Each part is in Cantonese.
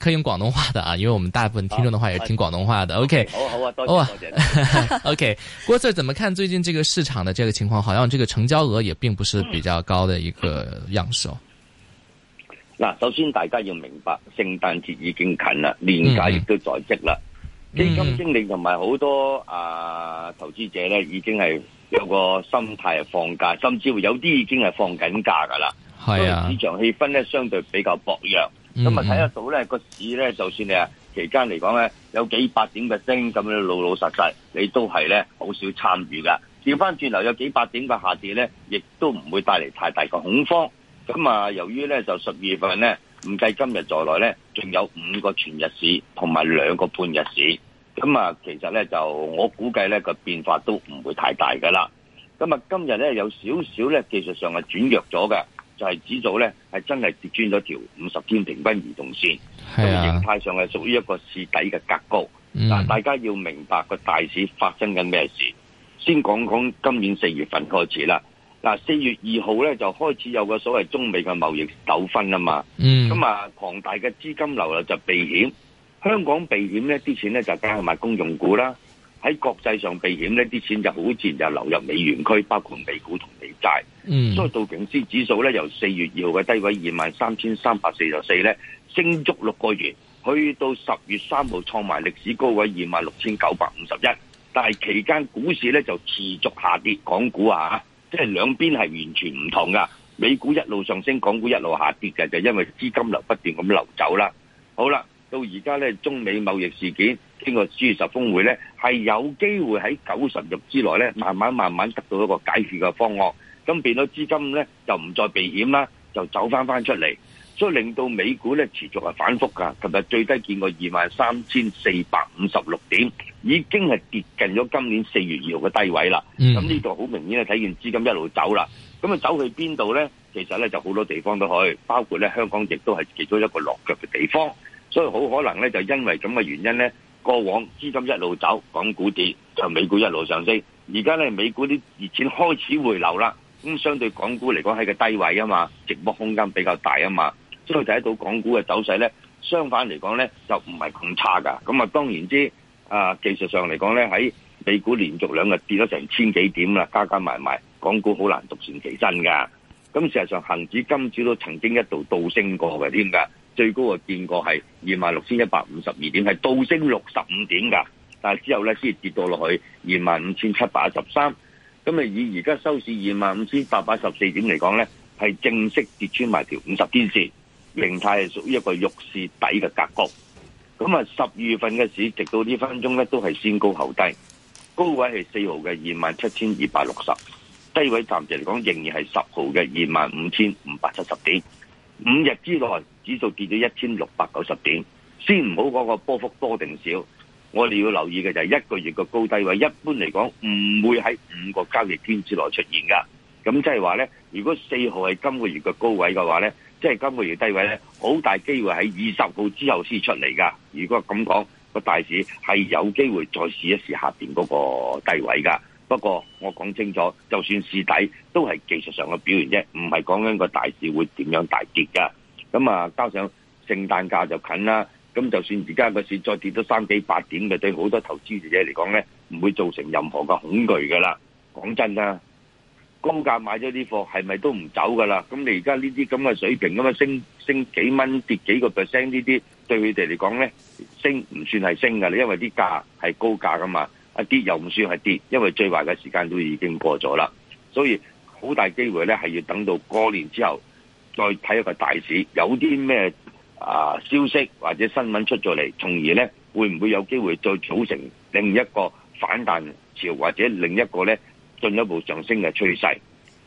可以用廣東話的啊，因為我們大部分聽眾的話也是聽廣東話的。OK，好啊，多謝 OK, OK, 多謝。OK，郭 Sir，怎麼看最近這個市場的這個情況？好像這個成交額也并不是比較高的一個樣數。嗱、嗯，嗯嗯、首先大家要明白，聖誕節已經近啦，年假亦都在即啦。嗯、基金經理同埋好多啊、呃、投資者咧，已經係有個心態放假，甚至乎有啲已經係放緊假噶啦。係啊，所以市場氣氛咧相對比較薄弱。咁啊，睇、嗯嗯、得到咧，個市咧，就算你啊期間嚟講咧，有幾百點嘅升，咁樣老老實實，你都係咧好少參與噶。調翻轉頭，有幾百點嘅下跌咧，亦都唔會帶嚟太大嘅恐慌。咁啊，由於咧就十二月份咧，唔計今日在內咧，仲有五個全日市同埋兩個半日市。咁啊，其實咧就我估計咧個變化都唔會太大噶啦。咁啊，今日咧有少少咧技術上係轉弱咗嘅。就係指數咧，係真係跌穿咗條五十天平均移動線，是啊嗯、形態上係屬於一個試底嘅格局。嗱，大家要明白個大市發生緊咩事，先講講今年四月份開始啦。嗱，四月二號咧就開始有個所謂中美嘅貿易糾紛啊嘛，咁啊，龐大嘅資金流嚟就避險，香港避險咧啲錢咧就梗係買公用股啦。喺國際上避險呢啲錢就好自然就流入美元區，包括美股同美債。嗯。所以道瓊斯指數咧，由四月二號嘅低位二萬三千三百四十四咧，升足六個月，去到十月三號創埋歷史高位二萬六千九百五十一。但係期間股市咧就持續下跌，港股啊，即係兩邊係完全唔同噶。美股一路上升，港股一路下跌嘅，就因為資金流不斷咁流走啦。好啦。到而家咧，中美貿易事件經過 G 十峰會咧，係有機會喺九十日之內咧，慢慢慢慢得到一個解決嘅方案。咁變咗資金咧就唔再避險啦，就走翻翻出嚟，所以令到美股咧持續係反覆噶，琴日最低見過二萬三千四百五十六點，已經係跌近咗今年四月二號嘅低位啦。咁呢個好明顯係睇見資金一路走啦。咁啊，走去邊度咧？其實咧就好多地方都可以，包括咧香港，亦都係其中一個落腳嘅地方。所以好可能咧，就因為咁嘅原因咧，過往資金一路走，港股跌，就美股一路上升。而家咧，美股啲熱錢開始回流啦。咁相對港股嚟講，喺個低位啊嘛，值博空間比較大啊嘛，所以睇到港股嘅走勢咧，相反嚟講咧，就唔係咁差噶。咁啊，當然之啊，技術上嚟講咧，喺美股連續兩日跌咗成千幾點啦，加加埋埋，港股好難獨善其身噶。咁事實上，恒指今朝都曾經一度倒升過嘅添噶。最高嘅見過係二萬六千一百五十二點，係倒升六十五點㗎。但係之後咧，先跌到落去二萬五千七百一十三。咁啊，以而家收市二萬五千八百一十四點嚟講咧，係正式跌穿埋條五十天線，形態係屬於一個弱勢底嘅格局。咁啊，十二月份嘅市直到呢分鐘咧，都係先高後低，高位係四號嘅二萬七千二百六十，27, 260，低位暫時嚟講仍然係十號嘅二萬五千五百七十點，五日之內。指數跌咗一千六百九十點，先唔好講個波幅多定少，我哋要留意嘅就係一個月個高低位，一般嚟講唔會喺五個交易天之內出現噶。咁即係話呢，如果四號係今個月嘅高位嘅話呢，即係今個月低位呢，好大機會喺二十號之後先出嚟噶。如果咁講，個大市係有機會再試一試下邊嗰個低位噶。不過我講清楚，就算試底，都係技術上嘅表現啫，唔係講緊個大市會點樣大跌噶。咁啊，加上聖誕假就近啦，咁就算而家個市再跌多三幾百點嘅，對好多投資者嚟講咧，唔會造成任何嘅恐懼噶啦。講真啦，啊，高價買咗啲貨，係咪都唔走噶啦？咁你而家呢啲咁嘅水平，咁啊升升幾蚊，跌幾個 percent 呢啲，對佢哋嚟講咧，升唔算係升噶啦，因為啲價係高價噶嘛，一啲又唔算係跌，因為最壞嘅時間都已經過咗啦，所以好大機會咧，係要等到過年之後。再睇一個大市，有啲咩啊消息或者新聞出咗嚟，從而呢會唔會有機會再組成另一個反彈潮，或者另一個呢進一步上升嘅趨勢？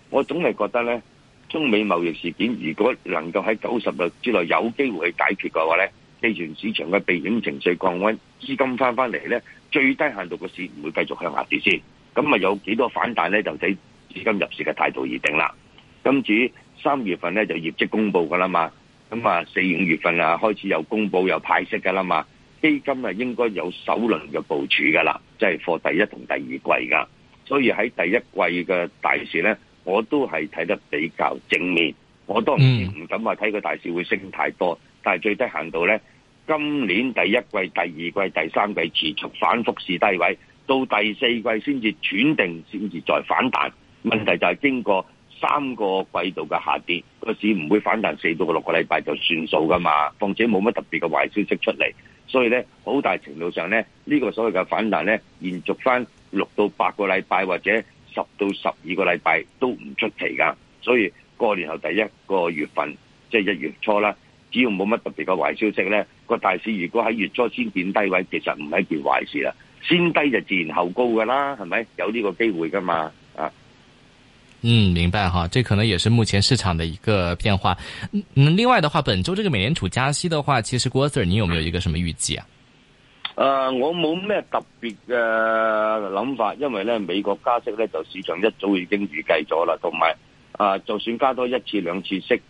我總係覺得呢，中美貿易事件如果能夠喺九十日之內有機會去解決嘅話呢，既然市場市場嘅避險情緒降温，資金翻翻嚟呢，最低限度個市唔會繼續向下跌先。咁啊有幾多反彈呢？就睇資金入市嘅態度而定啦。今次。三月份咧就業績公佈噶啦嘛，咁啊四五月份啊開始有公佈有派息噶啦嘛，基金啊應該有首輪嘅部署噶啦，即係貨第一同第二季噶，所以喺第一季嘅大市咧，我都係睇得比較正面，我都唔唔敢話睇個大市會升太多，但係最低限度咧，今年第一季、第二季、第三季持續反覆試低位，到第四季先至轉定，先至再反彈。問題就係經過。三個季度嘅下跌，個市唔會反彈四到六個禮拜就算數噶嘛，況且冇乜特別嘅壞消息出嚟，所以咧好大程度上咧呢個所謂嘅反彈咧，延續翻六到八個禮拜或者十到十二個禮拜都唔出奇噶。所以過年後第一個月份，即係一月初啦，只要冇乜特別嘅壞消息咧，個大市如果喺月初先見低位，其實唔係一件壞事啦。先低就自然後高噶啦，係咪有呢個機會噶嘛？嗯，明白哈，這可能也是目前市場的一個變化。嗯，另外的話，本周這個美聯儲加息的話，其實郭 Sir，你有沒有一個什麼預計啊？呃，我冇咩特別嘅諗法，因為呢美國加息呢，就市場一早已經預計咗啦，同埋啊就算加多一次兩次息，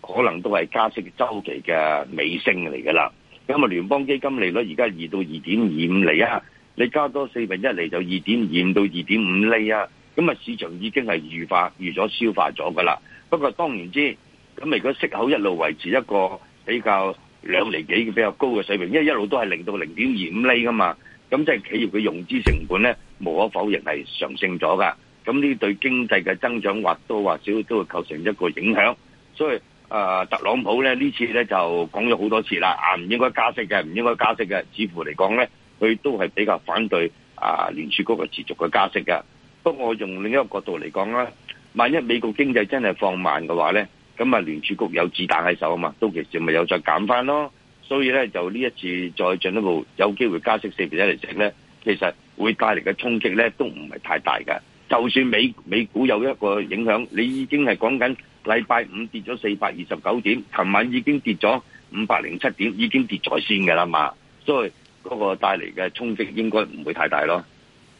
可能都係加息周期嘅尾聲嚟噶啦。咁啊，聯邦基金利率而家二到二點二五厘啊，你加多四分一厘就二點二五到二點五厘啊。咁啊，市場已經係預化預咗消化咗噶啦。不過當然之，咁如果息口一路維持一個比較兩厘幾嘅比較高嘅水平，因為一路都係零到零點二五厘噶嘛，咁即係企業嘅融資成本咧，無可否認係上升咗噶。咁呢對經濟嘅增長或多或少都會構成一個影響。所以啊、呃，特朗普咧呢次咧就講咗好多次啦，啊唔應該加息嘅，唔應該加息嘅，似乎嚟講咧，佢都係比較反對啊聯儲局嘅持續嘅加息嘅。不過我用另一個角度嚟講啦，萬一美國經濟真係放慢嘅話呢，咁啊聯儲局有子彈喺手啊嘛，到期時咪有再減翻咯。所以呢，就呢一次再進一步有機會加息四厘一嚟整呢，其實會帶嚟嘅衝擊呢都唔係太大㗎。就算美美股有一個影響，你已經係講緊禮拜五跌咗四百二十九點，琴晚已經跌咗五百零七點，已經跌咗先噶啦嘛，所以嗰個帶嚟嘅衝擊應該唔會太大咯。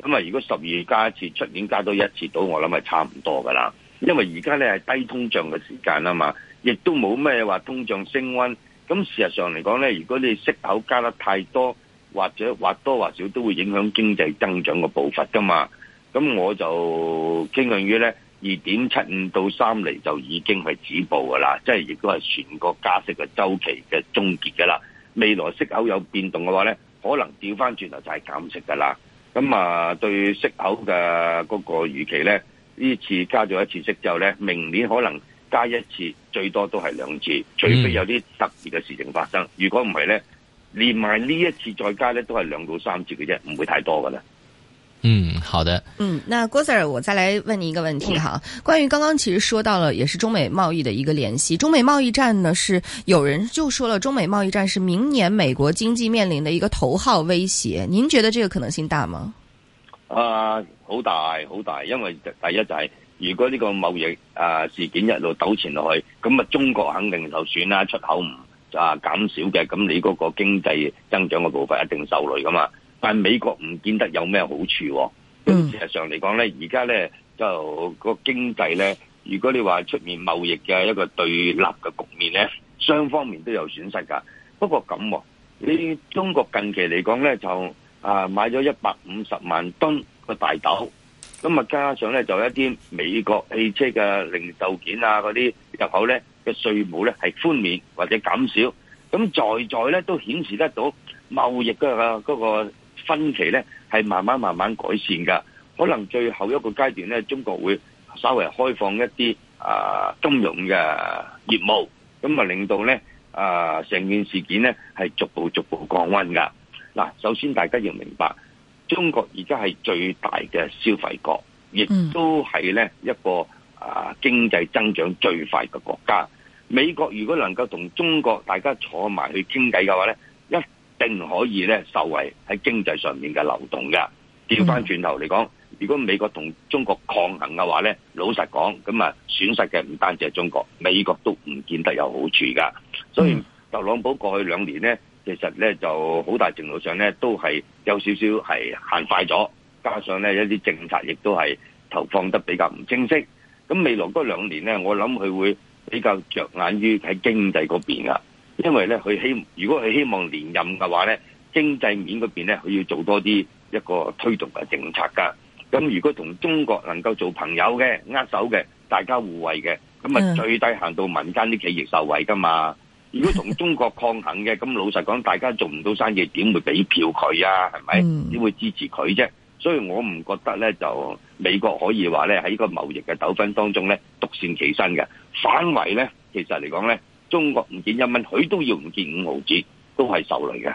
咁啊！如果十二加一次，出年加多一次到，我諗係差唔多噶啦。因為而家咧係低通脹嘅時間啊嘛，亦都冇咩話通脹升溫。咁事實上嚟講咧，如果你息口加得太多，或者或多或少都會影響經濟增長嘅步伐噶嘛。咁我就傾向於咧二點七五到三厘，就已經係止步噶啦，即係亦都係全個加息嘅週期嘅終結噶啦。未來息口有變動嘅話咧，可能調翻轉頭就係減息噶啦。咁啊、嗯，對息口嘅嗰個預期咧，呢次加咗一次息之後咧，明年可能加一次，最多都係兩次，除、嗯、非有啲特別嘅事情發生。如果唔係咧，連埋呢一次再加咧，都係兩到三次嘅啫，唔會太多噶啦。嗯，好的。嗯，那郭 Sir，我再來問你一個問題哈，關於剛剛其實說到了，也是中美貿易的一個聯繫。中美貿易戰呢，是有人就說了，中美貿易戰是明年美國經濟面臨的一個頭號威脅。您覺得這個可能性大嗎？啊，好大好大，因為第一就係、是、如果呢個貿易啊事件一路糾纏落去，咁啊中國肯定受損啦，出口唔啊減少嘅，咁你嗰個經濟增長嘅部分一定受累噶嘛。但美國唔見得有咩好處喎，咁事實上嚟講咧，而家咧就、個經濟咧，如果你話出面貿易嘅一個對立嘅局面咧，雙方面都有損失㗎。不過咁喎，你中國近期嚟講咧就啊買咗一百五十萬噸個大豆，咁啊加上咧就一啲美國汽車嘅零售件啊嗰啲入口咧嘅稅務咧係寬免或者減少，咁在在咧都顯示得到貿易嘅嗰個。分歧咧係慢慢慢慢改善噶，可能最後一個階段咧，中國會稍微開放一啲啊金融嘅業務，咁啊令到咧啊成件事件咧係逐步逐步降溫噶。嗱，首先大家要明白，中國而家係最大嘅消費國，亦都係咧一個啊經濟增長最快嘅國家。美國如果能夠同中國大家坐埋去傾偈嘅話咧，定可以咧受惠喺經濟上面嘅流動㗎。調翻轉頭嚟講，如果美國同中國抗衡嘅話咧，老實講，咁啊損失嘅唔單止係中國，美國都唔見得有好處㗎。所以特朗普過去兩年咧，其實咧就好大程度上咧都係有少少係行快咗，加上咧一啲政策亦都係投放得比較唔清晰。咁未來嗰兩年咧，我諗佢會比較着眼於喺經濟嗰邊呀。因為咧，佢希如果佢希望連任嘅話咧，經濟面嗰邊咧，佢要做多啲一,一個推動嘅政策噶。咁如果同中國能夠做朋友嘅、握手嘅、大家互惠嘅，咁啊最低限度民間啲企業受惠噶嘛。如果同中國抗衡嘅，咁老實講，大家做唔到生意，點會俾票佢啊？係咪？點會支持佢啫？所以我唔覺得咧，就美國可以話咧喺個貿易嘅糾紛當中咧，獨善其身嘅。反為咧，其實嚟講咧。中國唔見一蚊，佢都要唔見五毫子，都係受累嘅。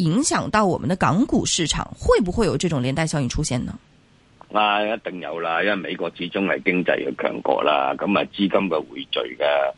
影響到我們的港股市場，會不會有這種連帶效應出現呢？啊，一定有啦，因為美國始終係經濟嘅強國啦，咁啊資金嘅匯聚嘅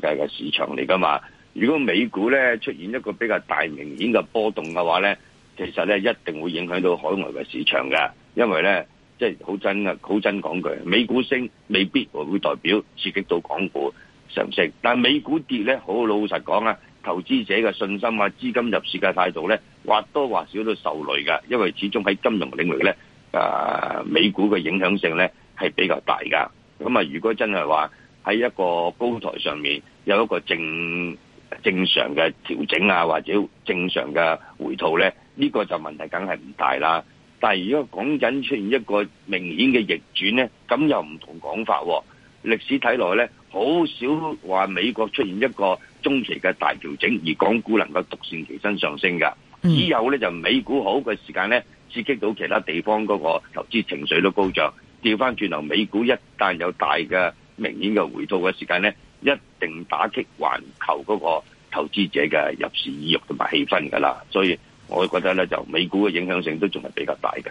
嘅嘅市場嚟噶嘛。如果美股咧出現一個比較大明顯嘅波動嘅話咧，其實咧一定會影響到海外嘅市場噶。因為咧即係好真啊，好真講句，美股升未必會代表刺激到港股上升，但係美股跌咧，好老實講啊。投資者嘅信心啊，資金入市嘅態度咧，或多或少都受累㗎。因為始終喺金融領域咧，誒、啊，美股嘅影響性咧係比較大噶。咁啊，如果真係話喺一個高台上面有一個正正常嘅調整啊，或者正常嘅回吐咧，呢、這個就問題梗係唔大啦。但係如果講緊出現一個明顯嘅逆轉咧，咁又唔同講法、哦。歷史睇來咧，好少話美國出現一個。中期嘅大調整，而港股能夠獨善其身上升嘅，只有咧就美股好嘅時間咧，刺激到其他地方嗰個投資情緒都高漲，調翻轉頭美股一旦有大嘅明顯嘅回吐嘅時間咧，一定打擊環球嗰個投資者嘅入市意欲同埋氣氛噶啦。所以，我覺得咧就美股嘅影響性都仲係比較大嘅。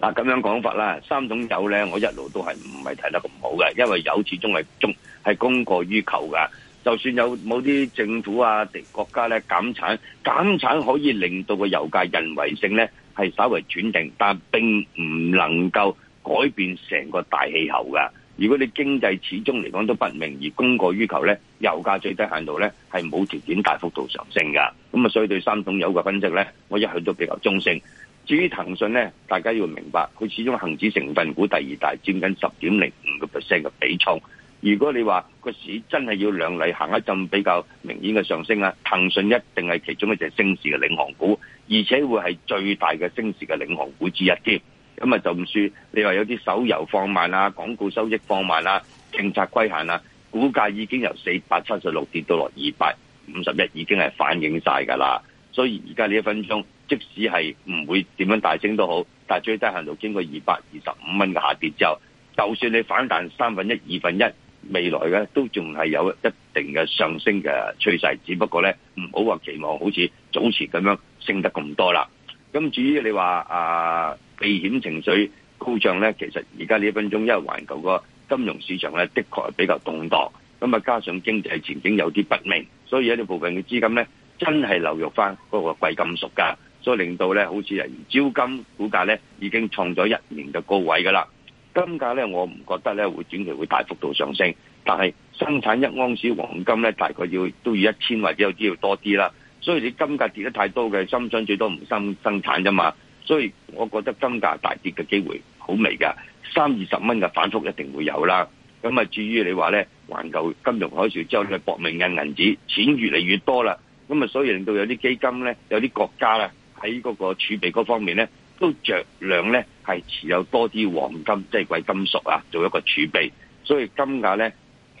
嗱咁樣講法啦，三桶油呢，我一路都係唔係睇得咁好嘅，因為油始終係供係供過於求噶。就算有某啲政府啊、國家呢減產，減產可以令到個油價人為性呢係稍微轉定，但並唔能夠改變成個大氣候噶。如果你經濟始終嚟講都不明，而供過於求呢，油價最低限度呢係冇條件大幅度上升噶。咁啊，所以對三桶油嘅分析呢，我一向都比較中性。至於騰訊咧，大家要明白，佢始終恒指成分股第二大佔，佔緊十點零五個 percent 嘅比重。如果你話個市真係要兩嚟行一陣比較明顯嘅上升啊，騰訊一定係其中一隻升市嘅領航股，而且會係最大嘅升市嘅領航股之一添。咁啊，就唔算你話有啲手遊放慢啦，廣告收益放慢啦，政策規限啦，股價已經由四百七十六跌到落二百五十一，已經係反映晒噶啦。所以而家呢一分鐘。即使係唔會點樣大升都好，但係最低限度經過二百二十五蚊嘅下跌之後，就算你反彈三分一、二分一，未來咧都仲係有一定嘅上升嘅趨勢。只不過咧，唔好話期望好似早前咁樣升得咁多啦。咁至於你話啊，避險情緒高漲咧，其實而家呢一分鐘，因為環球個金融市場咧，的確係比較動盪，咁啊加上經濟前景有啲不明，所以有啲部分嘅資金咧，真係流入翻嗰個貴金屬㗎。所以令到咧，好似人招金股價咧已經創咗一年嘅高位噶啦。金價咧，我唔覺得咧會短期會大幅度上升。但係生產一盎司黃金咧，大概要都要一千或者有啲要多啲啦。所以你金價跌得太多嘅，深圳最多唔生生產啫嘛。所以我覺得金價大跌嘅機會好微噶，三二十蚊嘅反覆一定會有啦。咁啊，至於你話咧，環球金融海嘯之後咧，搏命印銀紙，錢越嚟越多啦。咁啊，所以令到有啲基金咧，有啲國家呢。喺嗰個儲備嗰方面咧，都著量咧係持有多啲黃金，即係貴金屬啊，做一個儲備。所以金價咧，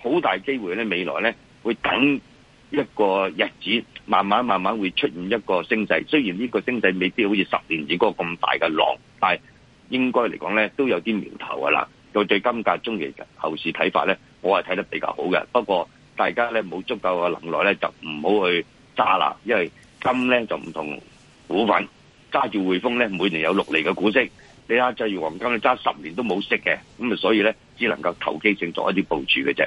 好大機會咧，未來咧會等一個日子，慢慢慢慢會出現一個升勢。雖然呢個升勢未必好似十年前嗰個咁大嘅浪，但係應該嚟講咧都有啲苗頭噶啦。對對，金價中期嘅後市睇法咧，我係睇得比較好嘅。不過大家咧冇足夠嘅能耐咧，就唔好去揸啦，因為金咧就唔同。股份揸住匯豐咧，每年有六厘嘅股息。你睇，至於黃金你揸十年都冇息嘅，咁啊，所以咧只能夠投機性作一啲部署嘅啫。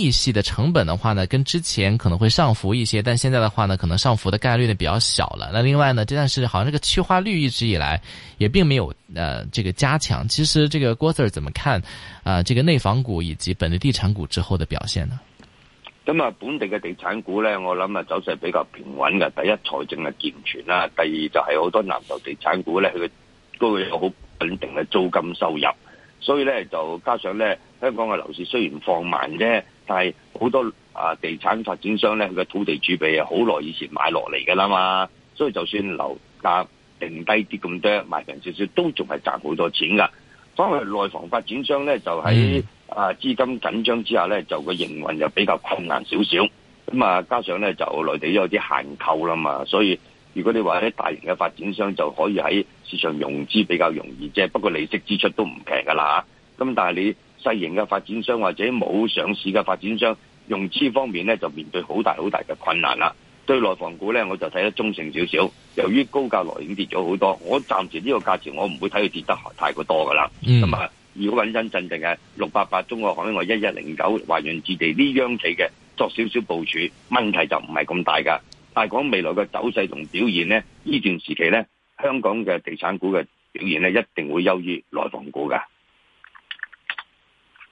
利息的成本的話呢，跟之前可能會上浮一些，但現在的話呢，可能上浮的概率呢比較小了。那另外呢，這段時間好像這個去化率一直以來也並沒有呃這個加強。其實這個郭 Sir 怎麼看啊、呃？這個內房股以及本地地產股之後的表現呢？咁啊，本地嘅地產股呢，我諗啊，走勢比較平穩嘅。第一，財政係健全啦；第二就係好多南投地產股呢，佢都會有好穩定嘅租金收入，所以呢，就加上呢香港嘅樓市雖然放慢啫。但係好多啊，地產發展商咧，佢嘅土地儲備啊，好耐以前買落嚟噶啦嘛，所以就算樓價定低啲咁多，賣平少少都仲係賺好多錢噶。反為內房發展商咧，就喺啊資金緊張之下咧，就個營運又比較困難少少。咁啊，加上咧就內地有啲限購啦嘛，所以如果你話呢大型嘅發展商就可以喺市場融資比較容易啫，不過利息支出都唔平噶啦。咁但係你。細型嘅發展商或者冇上市嘅發展商，融資方面咧就面對好大好大嘅困難啦。對內房股咧，我就睇得中性少少。由於高價樓已經跌咗好多，我暫時呢個價錢我唔會睇佢跌得太過多噶啦。咁啊、嗯，如果穩穩陣陣嘅六八八中國海外，呢我一一零九華潤置地呢央企嘅作少少部署，問題就唔係咁大噶。但係講未來嘅走勢同表現咧，呢段時期咧，香港嘅地產股嘅表現咧，一定會優於內房股㗎。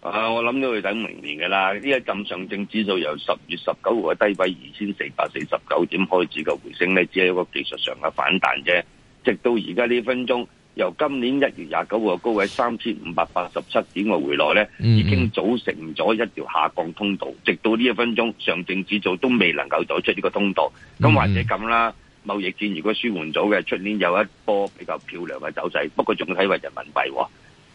啊！我諗都會等明年㗎啦，呢一陣，上證指數由十月十九號嘅低位二千四百四十九點開始嘅回升咧，只係一個技術上嘅反彈啫。直到而家呢一分鐘，由今年一月廿九號嘅高位三千五百八十七點嘅回落咧，已經組成咗一條下降通道。直到呢一分鐘，上證指數都未能夠走出呢個通道。咁或者咁啦，貿易戰如果舒緩咗嘅，出年有一波比較漂亮嘅走勢。不過仲睇埋人民幣、哦。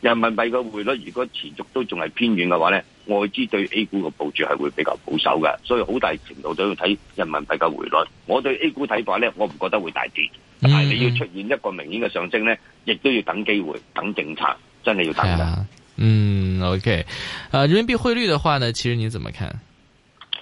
人民幣嘅匯率如果持續都仲係偏軟嘅話咧，外資對 A 股嘅部署係會比較保守嘅，所以好大程度都要睇人民幣嘅匯率。我對 A 股睇法咧，我唔覺得會大跌，但係你要出現一個明顯嘅上升咧，亦都要等機會、等政策，真係要等噶。嗯，OK，啊，人民幣匯率嘅話呢，其實你怎麼看？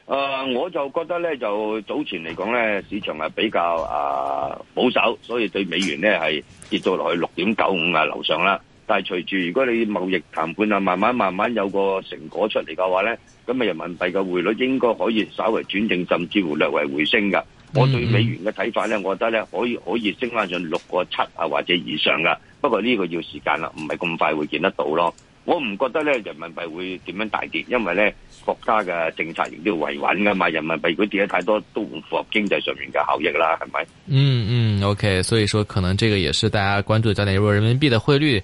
誒、呃，我就覺得咧，就早前嚟講咧，市場係比較誒、呃、保守，所以對美元咧係跌到落去六點九五啊樓上啦。但係隨住如果你貿易談判啊，慢慢慢慢有個成果出嚟嘅話咧，咁啊人民幣嘅匯率應該可以稍為轉正，甚至乎略為回升噶。我對美元嘅睇法咧，我覺得咧可以可以升翻上六個七啊或者以上噶。不過呢個要時間啦，唔係咁快會見得到咯。我唔覺得咧人民幣會點樣大跌，因為咧國家嘅政策亦都要維穩噶嘛。人民幣如果跌得太多，都唔符合經濟上面嘅效益啦，係咪？嗯？嗯嗯，OK。所以說可能這個也是大家關注焦點，因人民幣嘅匯率。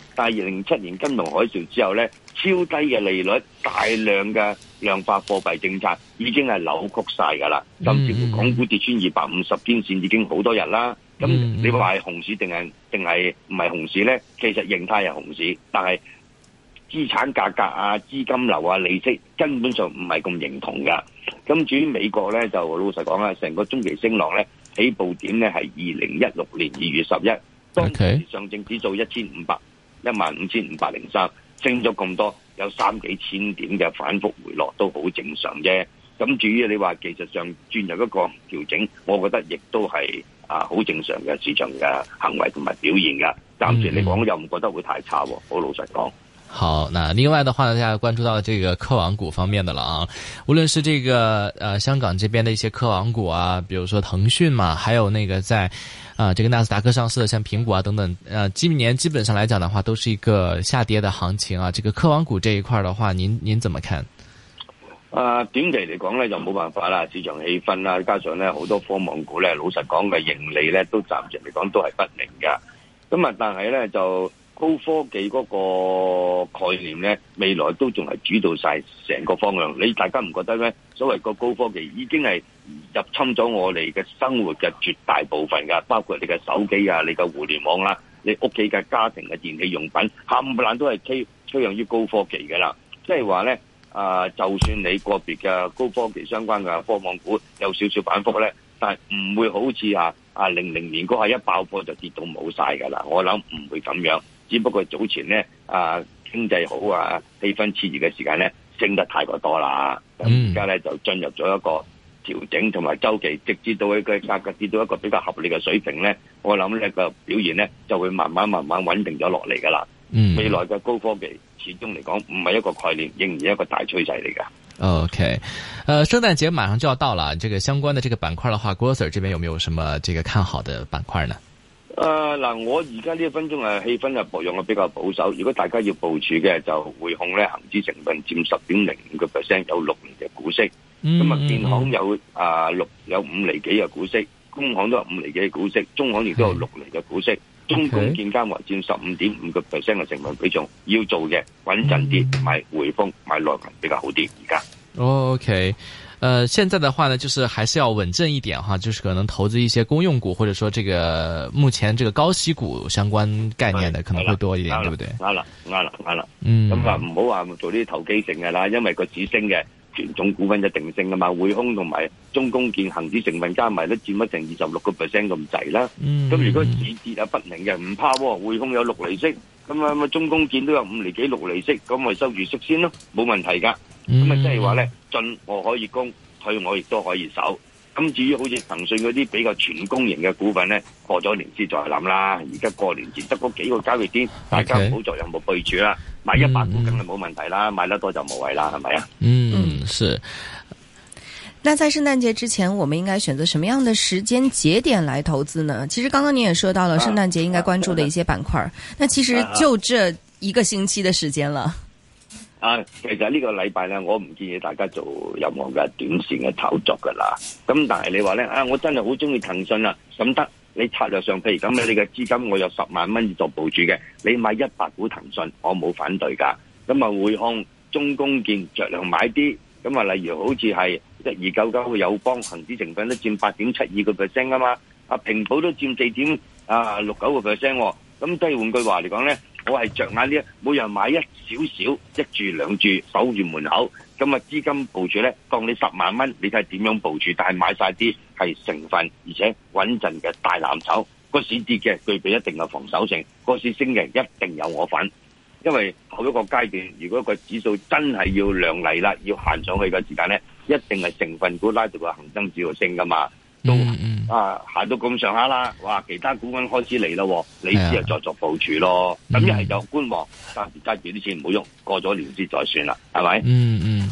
但係二零零七年金融海嘯之後咧，超低嘅利率、大量嘅量化貨幣政策已經係扭曲曬噶啦，甚至乎港股跌穿二百五十天線已經好多日啦。咁、mm hmm. 你話係熊市定係定係唔係熊市咧？其實形態係熊市，但係資產價格啊、資金流啊、利息根本上唔係咁認同噶。咁至於美國咧，就老實講啊，成個中期升浪咧，起步點咧係二零一六年二月十一，當時上證指數一千五百。一萬五千五百零三，15, 3，升咗咁多，有三幾千點嘅反覆回落都好正常啫。咁至於你話技術上轉入一個調整，我覺得亦都係啊好正常嘅市場嘅行為同埋表現嘅。暫時嚟講又唔覺得會太差，哦，好老實講。好，那另外的話大家關注到這個科網股方面的了啊，無論是這個呃香港這邊的一些科網股啊，比如說騰訊嘛，還有那個在，啊、呃、這個納斯達克上市的像蘋果啊等等，呃今年基本上來講的話都是一個下跌的行情啊。這個科網股這一塊的話，您您怎麼看？啊、呃，短期嚟講呢，就冇辦法啦，市場氣氛啦，加上呢好多科網股呢，老實講嘅盈利呢都暫時嚟講都係不明噶。咁啊，但係呢就。高科技嗰個概念呢，未來都仲係主導曬成個方向。你大家唔覺得咩？所謂個高科技已經係入侵咗我哋嘅生活嘅絕大部分㗎，包括你嘅手機啊、你嘅互聯網啦、啊、你屋企嘅家庭嘅電器用品，冚唪唥都係趨趨向於高科技㗎啦。即係話呢，就算你個別嘅高科技相關嘅科網股有少少反覆呢，但係唔會好似啊啊零零年嗰下一爆破就跌到冇曬㗎啦。我諗唔會咁樣。只不過早前呢，啊經濟好啊氣氛熾熱嘅時間呢，升得太過多啦，咁而家呢，就進入咗一個調整同埋周期，直至到呢個價格跌到一個比較合理嘅水平呢。我諗呢個表現呢，就會慢慢慢慢穩定咗落嚟㗎啦。嗯、未來嘅高科技始終嚟講唔係一個概念，仍然係一個大趨勢嚟㗎。OK，誒，聖誕節馬上就要到了，這個相關的這個板塊嘅話，郭 Sir 這邊有沒有什麼這個看好的板塊呢？誒嗱、呃，我而家呢一分鐘誒氣氛啊，薄弱，我比較保守。如果大家要部署嘅，就匯控咧，恒指成分佔十點零五個 percent，有六厘嘅股息。咁啊、嗯，建行有啊六、呃、有五厘幾嘅股息，工行都係五厘幾嘅股息，中行亦都有六厘嘅股息，是中共建監佔十五點五個 percent 嘅成分比重。要做嘅，穩陣、嗯、啲，買匯豐、買內銀、比較好啲。而家。呃，現在的話呢，就是還是要穩陣一點哈，就是可能投資一些公用股，或者說這個目前這個高息股相關概念的，可能會多一點，嗯嗯、對不對？啱啦、嗯，啱、嗯、啦，啦、嗯，咁、嗯、啊，唔好話做啲投機性嘅啦，因為個指升嘅權重股份一定升㗎嘛，匯控同埋中公建恒指成分加埋都佔咗成二十六個 percent 咁滯啦。咁如果指跌啊不明嘅，唔怕喎，匯控有六厘息，咁啊中公建都有五厘幾六厘息，咁咪收住息先咯，冇問題㗎。咁啊，即係話咧，進我可以攻，退我亦都可以守。咁至於好似騰訊嗰啲比較全攻型嘅股份咧，過咗年先再諗啦。而家過年前得嗰幾個交易天，Okay. 大家唔好做任何備注啦。嗯、買一百股梗係冇問題啦，嗯、買得多就冇謂啦，係咪啊？嗯嗯，是。那在聖誕節之前，我們應該選擇什麼樣的時間節點來投資呢？其實剛剛你也說到了、啊、聖誕節應該關注的一些板塊，啊、那其實就這一個星期的時間了。啊啊啊，其實呢個禮拜咧，我唔建議大家做任何嘅短線嘅炒作嘅啦。咁但係你話咧，啊，我真係好中意騰訊啊，咁得你策略上譬如咁咧，你嘅資金我有十萬蚊做部署嘅，你買一百股騰訊，我冇反對噶。咁啊，匯控、中公、建着量買啲。咁啊，例如好似係一二九九嘅友邦，恒指成分都佔八點七二個 percent 啊嘛。啊，平保都佔四點啊六九個 percent。咁即係換句話嚟講咧。我係著眼啲，每人買一少少，一注兩注守住門口，咁啊資金部署咧，當你十萬蚊，你睇點樣部署。但係買曬啲係成分，而且穩陣嘅大藍籌，個市跌嘅具備一定嘅防守性，個市升嘅一定有我份，因為後一個階段，如果個指數真係要量嚟啦，要行上去嘅時間咧，一定係成分股拉到個恒生指數升噶嘛。嗯嗯都啊行到咁上下啦，哇！其他股份開始嚟咯，你只係再作部署咯。咁一係就觀望，揸住揸住啲錢唔好喐，過咗年先再算啦，係咪？嗯嗯。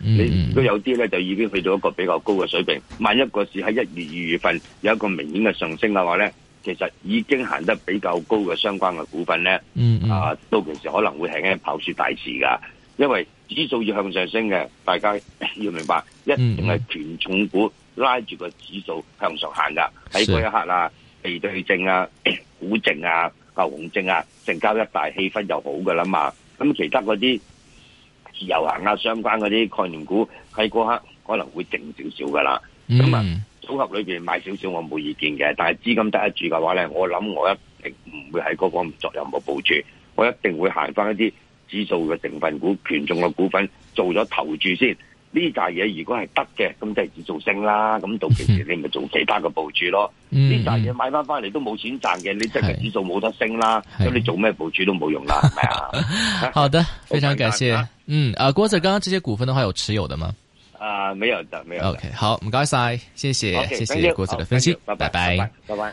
你如、mm hmm. 有啲咧，就已經去到一個比較高嘅水平。萬一個市喺一月二月份有一個明顯嘅上升嘅話咧，其實已經行得比較高嘅相關嘅股份咧，啊、mm hmm. 呃，到時可能會係喺跑輸大市㗎。因為指數要向上升嘅，大家要明白，一定係權重股拉住個指數向上行㗎。喺嗰、mm hmm. 一刻啊，避對證啊，股、哎、證啊，牛熊證啊，成交一大氣氛就好㗎喇嘛。咁其他嗰啲。自由行啊，相關嗰啲概念股喺嗰刻可能會靜少少噶啦。咁啊、嗯，組合裏邊買少少我冇意見嘅，但係資金得一注嘅話咧，我諗我一定唔會喺嗰方面作任何部署，我一定會行翻一啲指數嘅成分股、權重嘅股份做咗投注先。呢扎嘢，如果係得嘅，咁即係指數升啦。咁到期時，你咪做其他嘅部署咯。呢扎嘢買翻翻嚟都冇錢賺嘅，你即係指數冇得升啦。咁你做咩部署都冇用啦，係咪啊？好的，非常感謝。嗯，阿郭 Sir 剛剛這些股份的話有持有的嗎？啊，沒有的，沒有。OK，好，唔該晒，謝謝，謝謝郭 Sir 嘅分析，拜拜，拜拜。